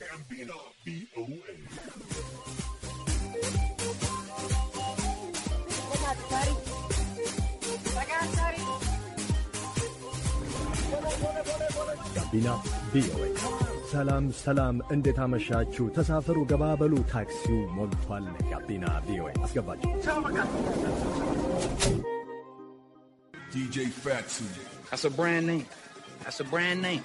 ጋቢና ቪኦኤ ጋቢና ቪኦኤ። ሰላም ሰላም፣ እንዴት አመሻችሁ? ተሳፈሩ፣ ገባበሉ፣ ታክሲው ሞልቷል። ጋቢና ቪኦኤ አስገባችሁ። That's a brand name. That's a brand name.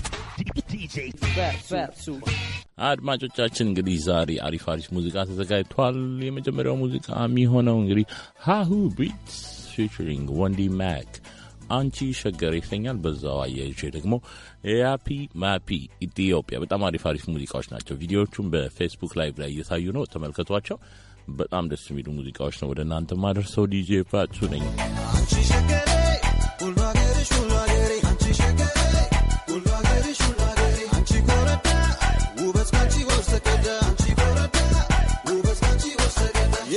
አድማጮቻችን እንግዲህ ዛሬ አሪፍ አሪፍ ሙዚቃ ተዘጋጅቷል። የመጀመሪያው ሙዚቃ የሚሆነው እንግዲህ ሃሁ ቢትስ ፊቸሪንግ ወንዲ ማክ አንቺ ሸገር ይሰኛል። በዛው አያይዤ ደግሞ የያፒ ማፒ ኢትዮጵያ በጣም አሪፍ አሪፍ ሙዚቃዎች ናቸው። ቪዲዮዎቹም በፌስቡክ ላይቭ ላይ እየታዩ ነው፣ ተመልከቷቸው። በጣም ደስ የሚሉ ሙዚቃዎች ነው ወደ እናንተ ማደርሰው። ዲጄ ፋቱ ነኝ።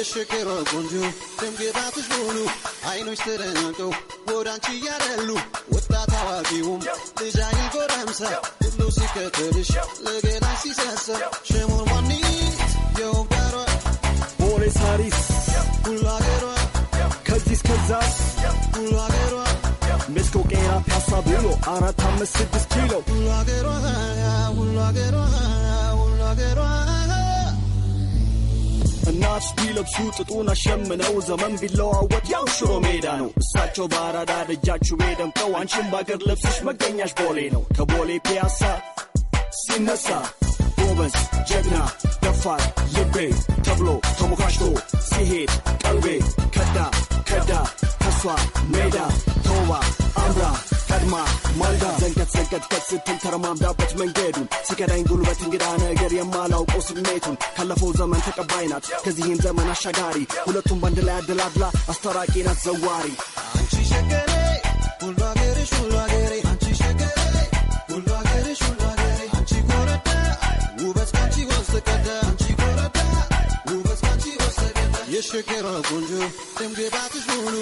የሽክሯ ቆንጆ ደምግባትሽ ሙሉ አይኖች ተደናቀው ወዳንቺ እያደሉ ወጣት አዋቂውም ልጃ ጎረምሳ ሁሉ ሲከተልሽ ለገላ ሲሳሳ ሸሞን ዋኒት የወንበሯ ቦሌ ሳሪስ ሁሉ አገሯ ከዚህ እስከዛስ ሁሉ አገሯ ሜስኮ ቄራ ፒያሳ ብሎ አራት አምስት ስድስት ኪሎ ሁሉ አገሯ ሁሉ አገሯ ሁሉ አገሯ እናት ቢለብሱ ጥጡን አሸምነው ዘመን ቢለዋወጥ ያው ሽሮ ሜዳ ነው። እሳቸው ባራዳ ደጃችሁ ቤ ደምቀው አንቺን በአገር ለብሰሽ መገኛሽ ቦሌ ነው። ከቦሌ ፒያሳ ሲነሳ ጎበዝ ጀግና ደፋር ልቤ ተብሎ ተሞካሽቶ ሲሄድ ቀልቤ ከዳ ከዳ ከሷ ሜዳ ተውባ አምራ ቀድማ ማልዳ ዘንቀት ዘንቀት ከስትል ተረማምዳበት መንገዱን ሲከዳኝ ጉልበት እንግዳ ነገር የማላውቀው ስሜቱን ካለፈው ዘመን ተቀባይ ናት ከዚህም ዘመን አሻጋሪ ሁለቱም በአንድ ላይ አደላድላ አስተራቂ ናት ዘዋሪ አንቺ ሸገሬ ሁሉ የሸኬራ ቆንጆ ጥምግባትሽ ሙሉ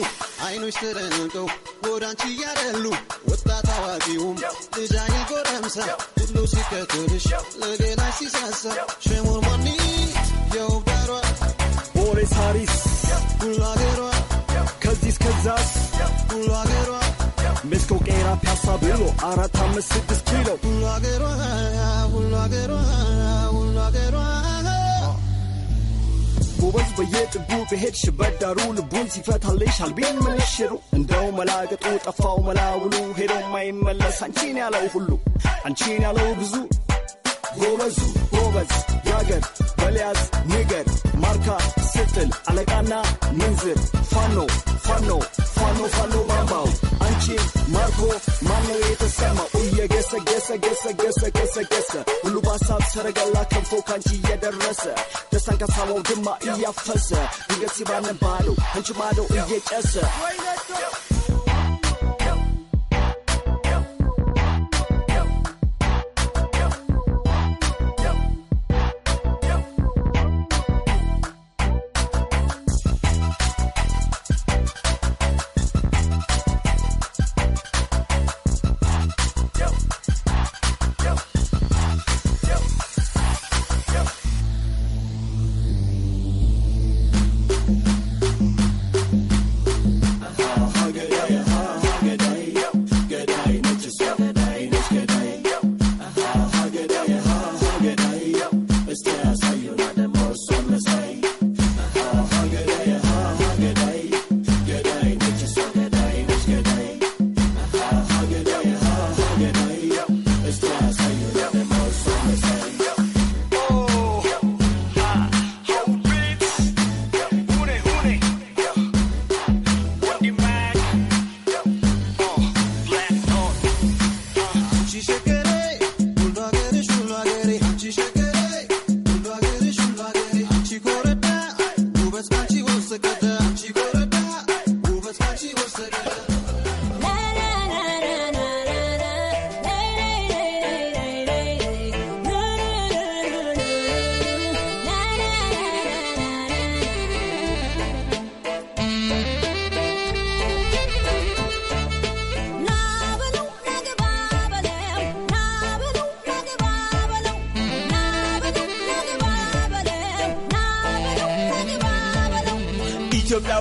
አይኖች ተደንቀው ወዳንቺ እያደሉ ወጣት አዋቂውም ልጃይ ጎረምሳ ሁሉ ሲከተልሽ ለገላሽ ሲሳሳ ሸሞርማኒ የውባሯ ቦሌስ ሃሪስ ሁሉ አገሯ ከዚህ እስከዛስ ሁሉ አገሯ ሜስኮ ቄራ ፒያሳ ብሎ አራት አምስት ስድስት ኪሎ ሁሉ አገሯ ሁሉ አገሯ ሁሉ አገሯ ጎበዝ በየጥጉ በሄድሽበት በዳሩ ልቡን ሲፈታልሽ አልቢን ምንሽሩ እንደው መላገጡ ጠፋው መላውሉ ሄዶ ማይመለስ አንቺን ያለው ሁሉ አንቺን ያለው ብዙ ጎበዙ ጎበዝ ያገር በሊያዝ ንገር ማርካ ስትል አለቃና ምንዝር ፋኖ ፋኖ ፋኖ ፋኖ ባምባው አንቺን ማርኮ ገሰ ገሰ ገሰ ገሰ ገሰ ገሰ ሁሉ በሀሳብ ሰረገላ ከንፎ ካንቺ እየደረሰ ደስታን ከሳማው ድማ እያፈሰ ድንገት ሲባነባለው አንቺ ማለው እየጨሰ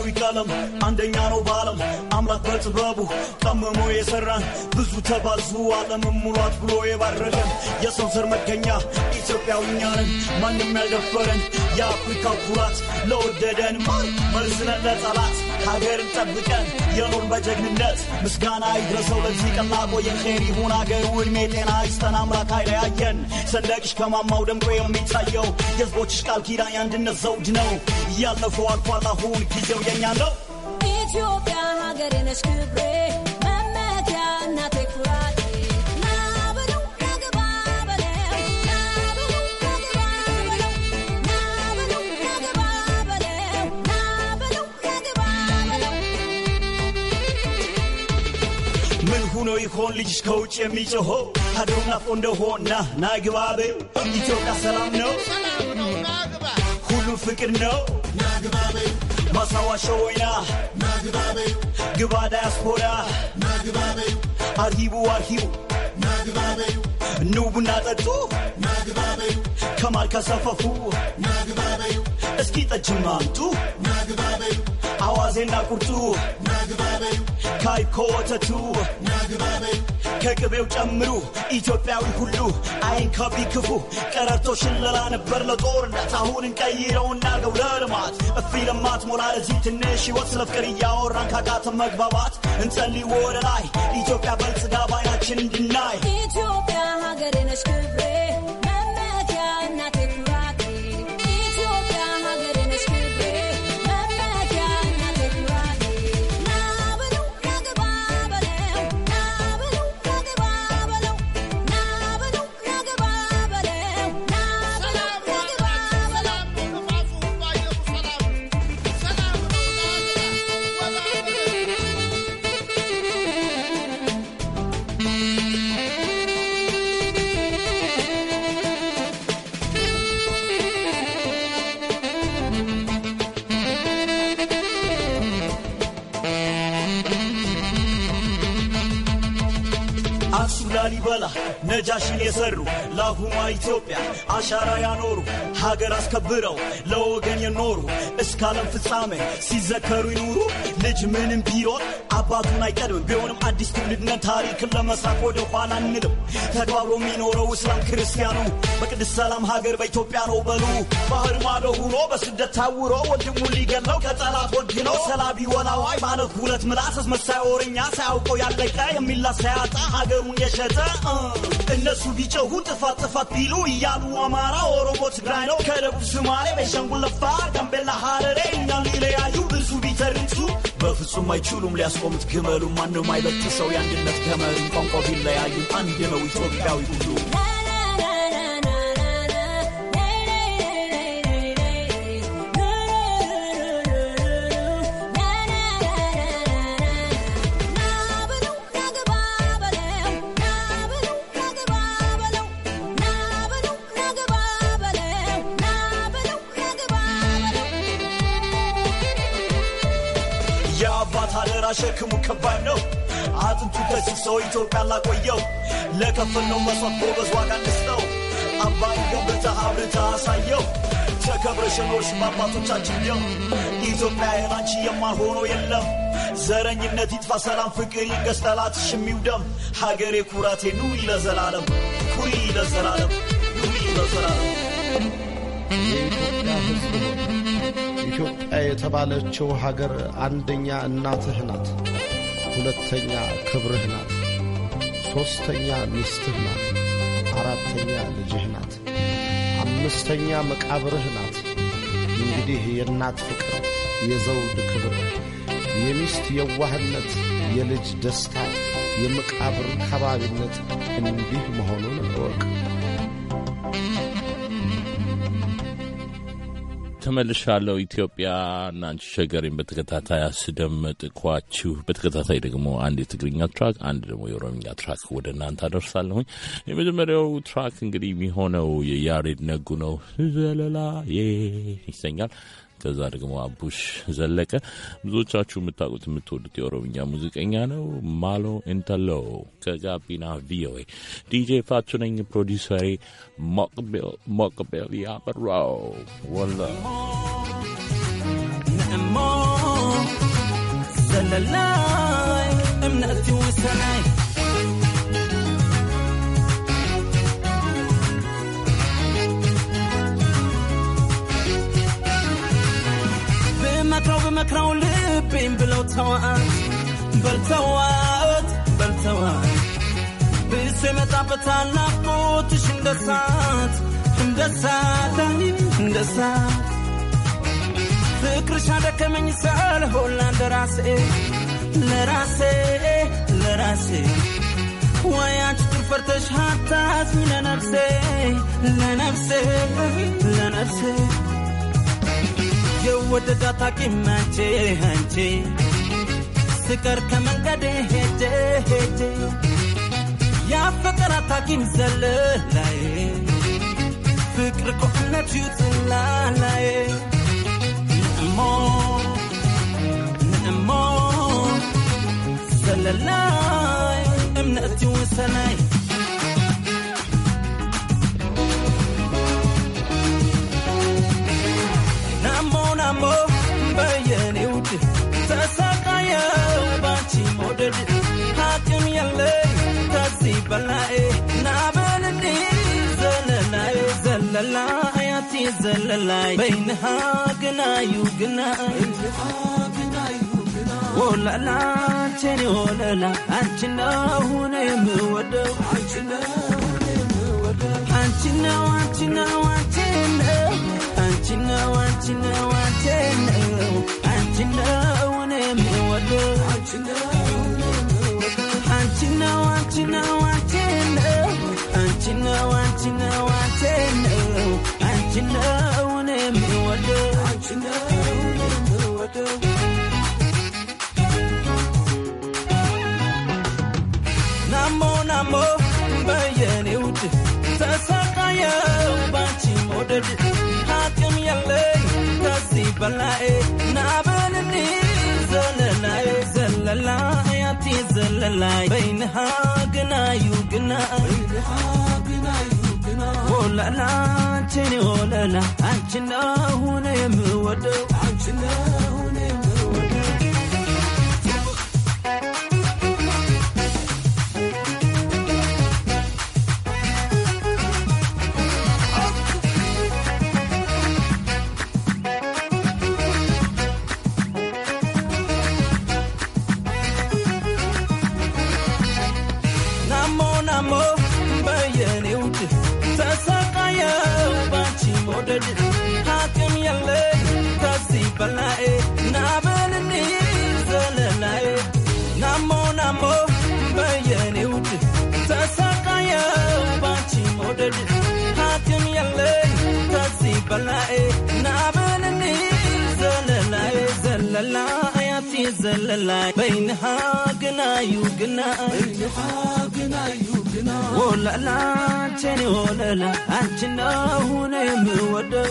we call them. And they know ጥበቡ ጠምሞ የሰራን ብዙ ተባዙ ዓለምን ሙሏት ብሎ የባረከን የሰው ዘር መገኛ ኢትዮጵያውያንን ማንም ያልደፈረን የአፍሪካ ኩራት ለወደደን ማር መርዝነን ለጠላት ሀገርን ጠብቀን የኖር በጀግንነት ምስጋና ይድረሰው ለዚህ ቀላቆ የኼር ይሁን አገር ውድሜ ጤና ይስጠን አምላክ አይለያየን ሰንደቅሽ ከማማው ደምቆ የሚታየው የህዝቦችሽ ቃል ኪዳን ያንድነት ዘውድ ነው እያለፈው አልፏል አሁን ጊዜው የኛ ነው ኢትዮጵያ ሀገሬ ነሽ ክብሬ መመኪያ እናቴ ኩራቴ ሆኖ ይሆን ልጅሽ ከውጭ የሚጮሆ አደው ናፍቆ እንደሆና ናግባ ኢትዮጵያ ሰላም ነው፣ ሁሉም ፍቅር ነው፣ ናግባ ማሳዋ ሸወይና ናግባበዩ ግባ ዳያስፖራ ናግባበዩ አርሂቡ አርሂቡ ናግባበዩ ኑ ቡና ጠጡ ናግባበዩ ከማል ከሰፈፉ ናግባበዩ እስኪ ጠጅም አምጡ ናግባበዩ አዋዜና ቁርጡ ካይ ከወተቱ ከቅቤው ጨምሩ ኢትዮጵያዊ ሁሉ አይንከቢ ክፉ ቀረርቶ ሽለላ ነበር ለጦርነት አሁን እንቀይረውና ገው ለልማት እፊ ለማት ሞላ ለዚህ ትንሽ ሕይወት ስለ ፍቅር እያወራን ካቃተን መግባባት እንጸልይ ወደ ላይ ኢትዮጵያ በልጽጋ ባይናችን እንድናይ ኢትዮጵያ ሀገሬ ነሽ ክብሬ ነጃሽን የሰሩ ላሁማ ኢትዮጵያ አሻራ ያኖሩ ሀገር አስከብረው ለወገን የኖሩ እስከ ዓለም ፍጻሜ ሲዘከሩ ይኑሩ። ልጅ ምንም ቢሮት አባቱን አይቀድምም። ቢሆንም አዲስ ትውልድነት ታሪክን ለመስራት ወደ ኋላ አንልም። ተከባብሮ የሚኖረው እስላም ክርስቲያኑ በቅድስት ሰላም ሀገር በኢትዮጵያ ነው በሉ። ባህር ማዶ ሁኖ በስደት ታውሮ ወንድሙ ሊገለው ከጠላት ወግ ነው ሰላቢ ወላዋይ ማለት ሁለት ምላስ አስመሳይ ወረኛ ሳያውቀው ያለቀ የሚላ ሳያጣ ሀገሩን የሸጠ እነሱ ቢጨሁ ጥፋት ጥፋት ቢሉ እያሉ አማራ፣ ኦሮሞ፣ ትግራይ ነው ከደቡብ ሶማሌ፣ ቤንሻንጉል፣ አፋር፣ ጋምቤላ፣ ሀረሬ እኛን ሊለያዩ ብዙ ቢተርንሱ በፍጹም አይችሉም ሊያስቆሙት ግመሉ። ማንም አይበት ሰው የአንድነት ገመሪ ቋንቋ ቢለያዩም አንድ ነው ኢትዮጵያዊ ሁሉ ሸክሙ ከባድ ነው። አጥንቱ ከሲሶው ኢትዮጵያ ላቆየው ለከፈልነው መስዋዕት ጎበዝ ዋጋ እንስጠው። አባይ ገብረተ ሀብርተ አሳየው ተከብረሽ ኖርሽ በአባቶቻችን ደም ኢትዮጵያ የላንቺ የማሆኖ የለም። ዘረኝነት ይጥፋ፣ ሰላም ፍቅር ይንገስ፣ ጠላትሽ የሚውደም ሀገሬ ኩራቴ ኑ ለዘላለም ኩሪ ለዘላለም ኑሪ ለዘላለም ኢትዮጵያ የተባለችው ሀገር አንደኛ እናትህ ናት፣ ሁለተኛ ክብርህ ናት፣ ሦስተኛ ሚስትህ ናት፣ አራተኛ ልጅህ ናት፣ አምስተኛ መቃብርህ ናት። እንግዲህ የእናት ፍቅር፣ የዘውድ ክብር፣ የሚስት የዋህነት፣ የልጅ ደስታ፣ የመቃብር ከባቢነት እንዲህ መሆኑን እወቅ። ተመልሻለሁ። ኢትዮጵያ እና አንቺ ሸገሬን በተከታታይ አስደመጥኳችሁ። በተከታታይ ደግሞ አንድ የትግርኛ ትራክ፣ አንድ ደግሞ የኦሮምኛ ትራክ ወደ እናንተ አደርሳለሁኝ። የመጀመሪያው ትራክ እንግዲህ የሚሆነው የያሬድ ነጉ ነው። ዘለላ ይሰኛል። ከዛ ደግሞ አቡሽ ዘለቀ ብዙዎቻችሁ የምታውቁት የምትወዱት የኦሮምኛ ሙዚቀኛ ነው። ማሎ ኢንተሎ ከጋቢና ቪኦኤ ዲጄ ፋቱ ነኝ። ፕሮዲሰሬ ሞቅቤል ያበራው ወላ ዘለላይ እምነቲ ወሰናይ መክረው ልቤን ብለው ተዋት በልተዋት በልተዋት ብሶ የመጣበት ናፍቆትሽ እንደ ሳት እንደ ሳት እንደ ሳት ፍቅርሽ አደከመኝ ሳልሆን ለራሴ ለራሴ ለራሴ ወይ አንቺ ሀታት ለነፍሴ ለነፍሴ ለነፍሴ የወደዳት አቂም አንቺ አንቺ ስቀር ከመንገዴ ሄጄ ሄጄ ያፈቀራት ዘለ ዘለላይ ፍቅር ቆነት ዩትላላይ ንእሞ ንእሞ ዘለላይ እምነት ይወሰናይ ናሞ በየኔ ውድ ተሰቃየው ባንቺ መውደድ ሐኪም የለኝ ከዚህ በላይ ናበልኒ ዘለላይ ዘለላ አያቲ ዘለላይ በይንሃ ግናዩ ግናይ ወለላ አንቺን ወለላ አንቺን ሁነ የምወደው አንቺን አንቺን አንቺን አንቺ ነው አንቺ ነው አንቺ ነው አንቺ ነው እኔ የምወደው አንቺ ነው አንቺ ነው አንቺ ነው አንቺ ነው አንቺ ነው አንቺ ነው አንቺ ነው አንቺ ነው እኔ የምወደው አንቺ ነው ናሞ ናሞ መውደድ አቅም የለኝ ከዚህ በላይ ናበን ዘለላይ ዘለላ ያቲ ዘለላይ በይንሃ ግናዩ ግና ወለላ አንቺን ወለላ አንቺና ሆነ የምወደው በላይ ናበል ዘለላይ ዘለላ ኣያቲ ዘለላይ በይንኻ ግናዩ ግናይ ወላላ አንቸን ወለላ አንችና ሁነ የምወደው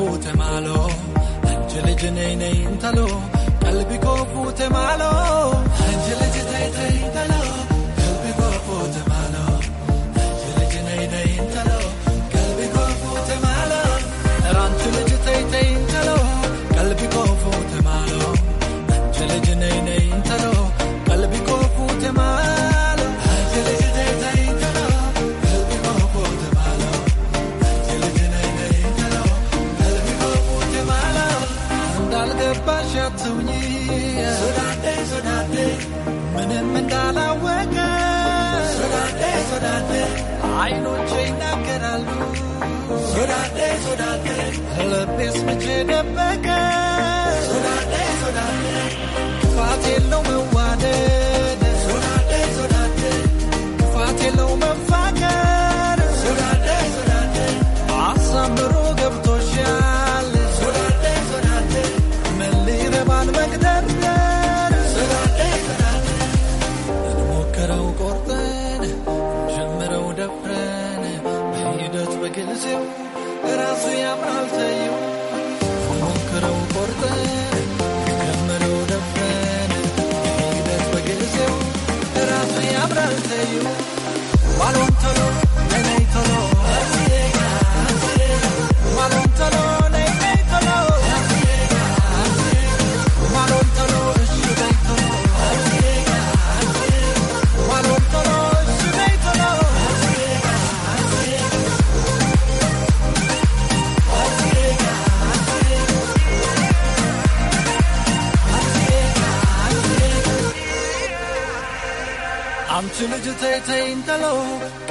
fute malo አንቺ ልጅ ነይ ነይ እንተሎ ቀልቢ ኮ ፉቴ ማሎ አንቺ ልጅ ተይ ተይ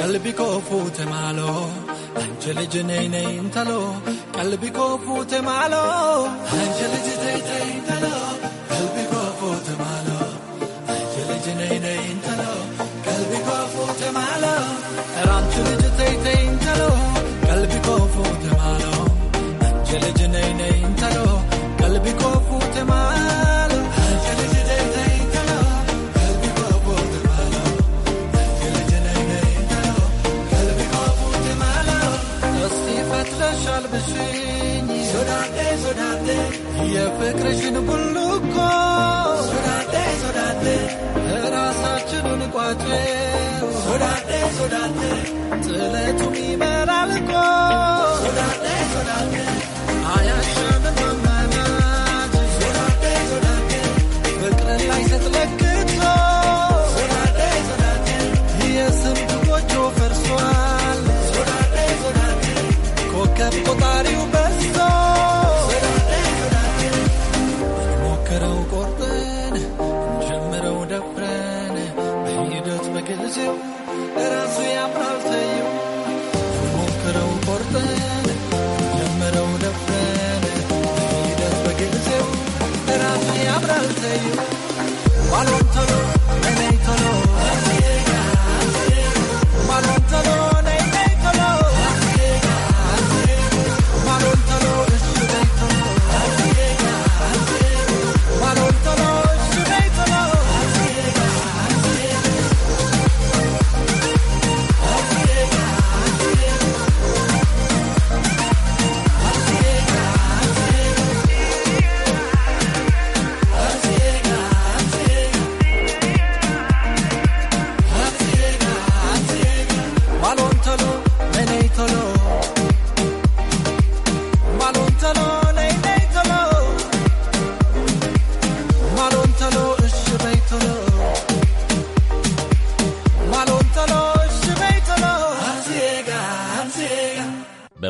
Qalbi koo fuute maaloo Anjali jineeyne intaloo Qalbi koo fuute maaloo Anjali jiteeyte intaloo Qalbi koo fuute maaloo Anjali jineeyne intaloo Qalbi koo fuute maaloo Raanjali jiteeyte intaloo Era suya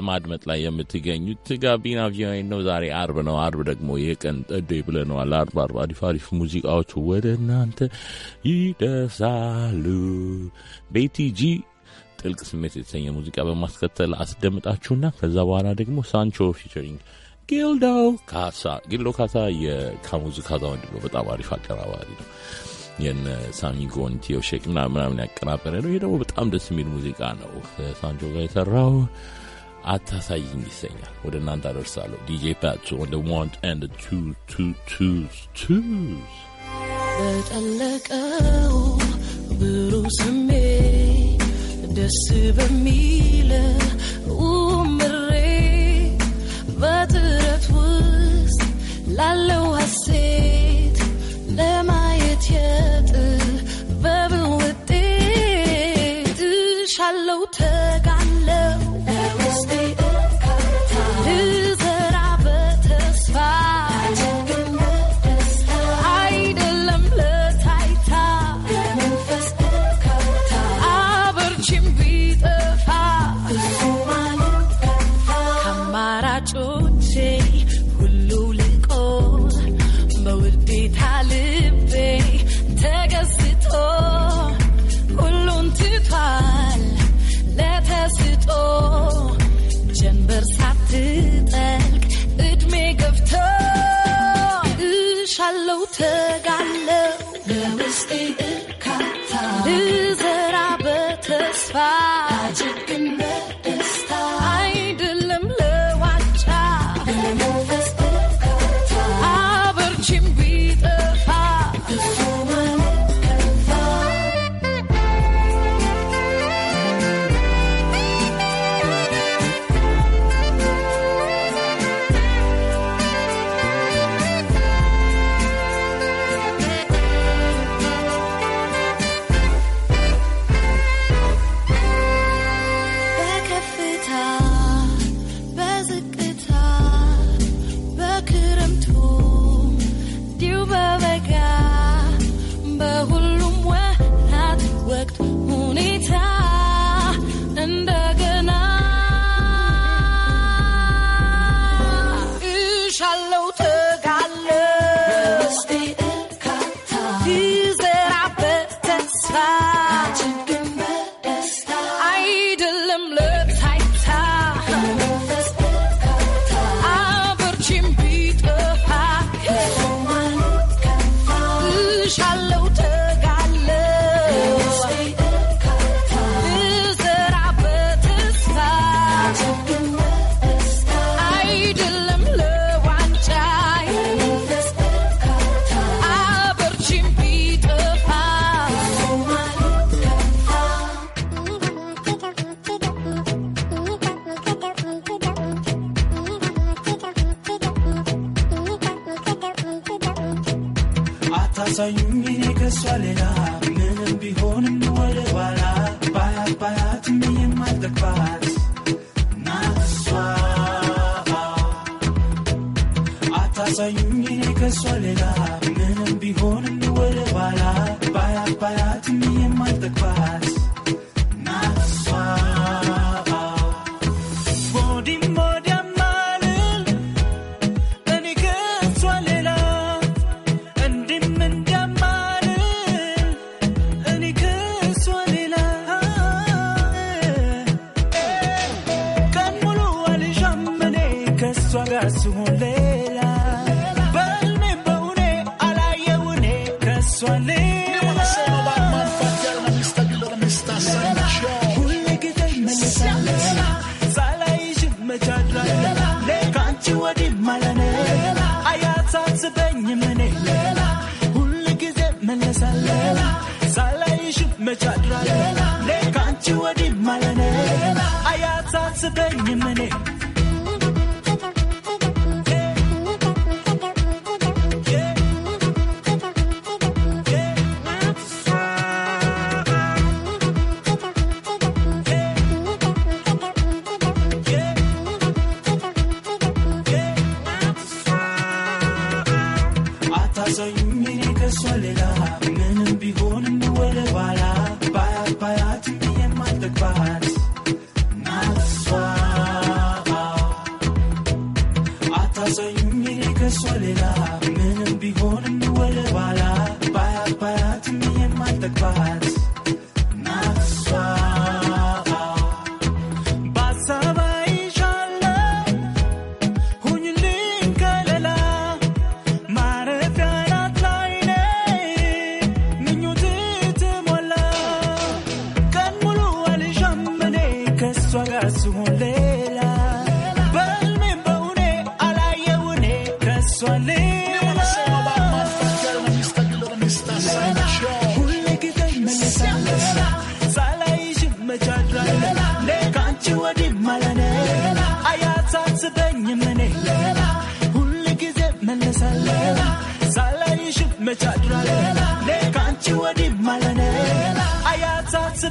በማድመጥ ላይ የምትገኙት ጋቢና ቪኦኤ ነው። ዛሬ አርብ ነው። አርብ ደግሞ የቀን ጠዴ ብለነዋል። አርብ አርብ አሪፍ አሪፍ ሙዚቃዎች ወደ እናንተ ይደርሳሉ። ቤቲጂ ጥልቅ ስሜት የተሰኘ ሙዚቃ በማስከተል አስደምጣችሁና ከዛ በኋላ ደግሞ ሳንቾ ፊቸሪንግ ጊልዶ ካሳ። ጊልዶ ካሳ የካሙዙ ካዛ ወንድ ነው። በጣም አሪፍ አቀራባሪ ነው። የነ ሳሚ ጎንቲዮ ሼክ ምናምን ያቀናበረ ነው። ይሄ ደግሞ በጣም ደስ የሚል ሙዚቃ ነው። ሳንቾ ጋር የሰራው አታሳይኝ ወደ እናንተ አደርሳለሁ። ዲጄ ፓቱ on the one and the two two twos twos በጠለቀው ብሩህ ስሜት ደስ በሚለ ውምሬ በጥረት ውስጥ ላለው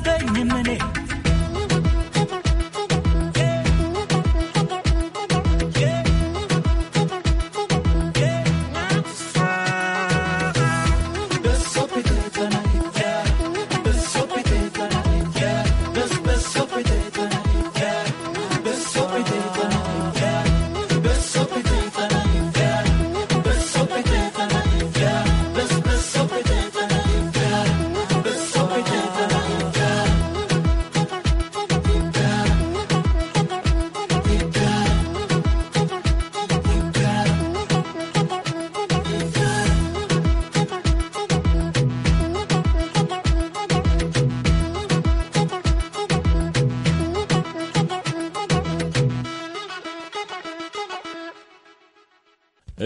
ಬನ್ನಿಮ್ಮನೆ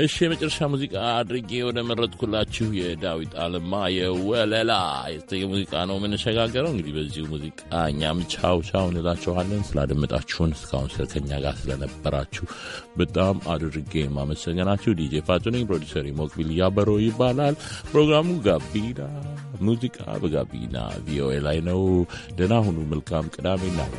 እሺ የመጨረሻ ሙዚቃ አድርጌ ወደ መረጥኩላችሁ የዳዊት አለማ የወለላ የተሰኘ ሙዚቃ ነው የምንሸጋገረው። እንግዲህ በዚሁ ሙዚቃ እኛም ቻው ቻው እንላችኋለን። ስላደመጣችሁን እስካሁን ከኛ ጋር ስለነበራችሁ በጣም አድርጌ የማመሰገናችሁ። ዲጄ ፋቱኒንግ፣ ፕሮዲሰር ሞክቢል ያበሮ ይባላል። ፕሮግራሙ ጋቢና ሙዚቃ በጋቢና ቪኦኤ ላይ ነው። ደህና ሁኑ። መልካም ቅዳሜ እናውድ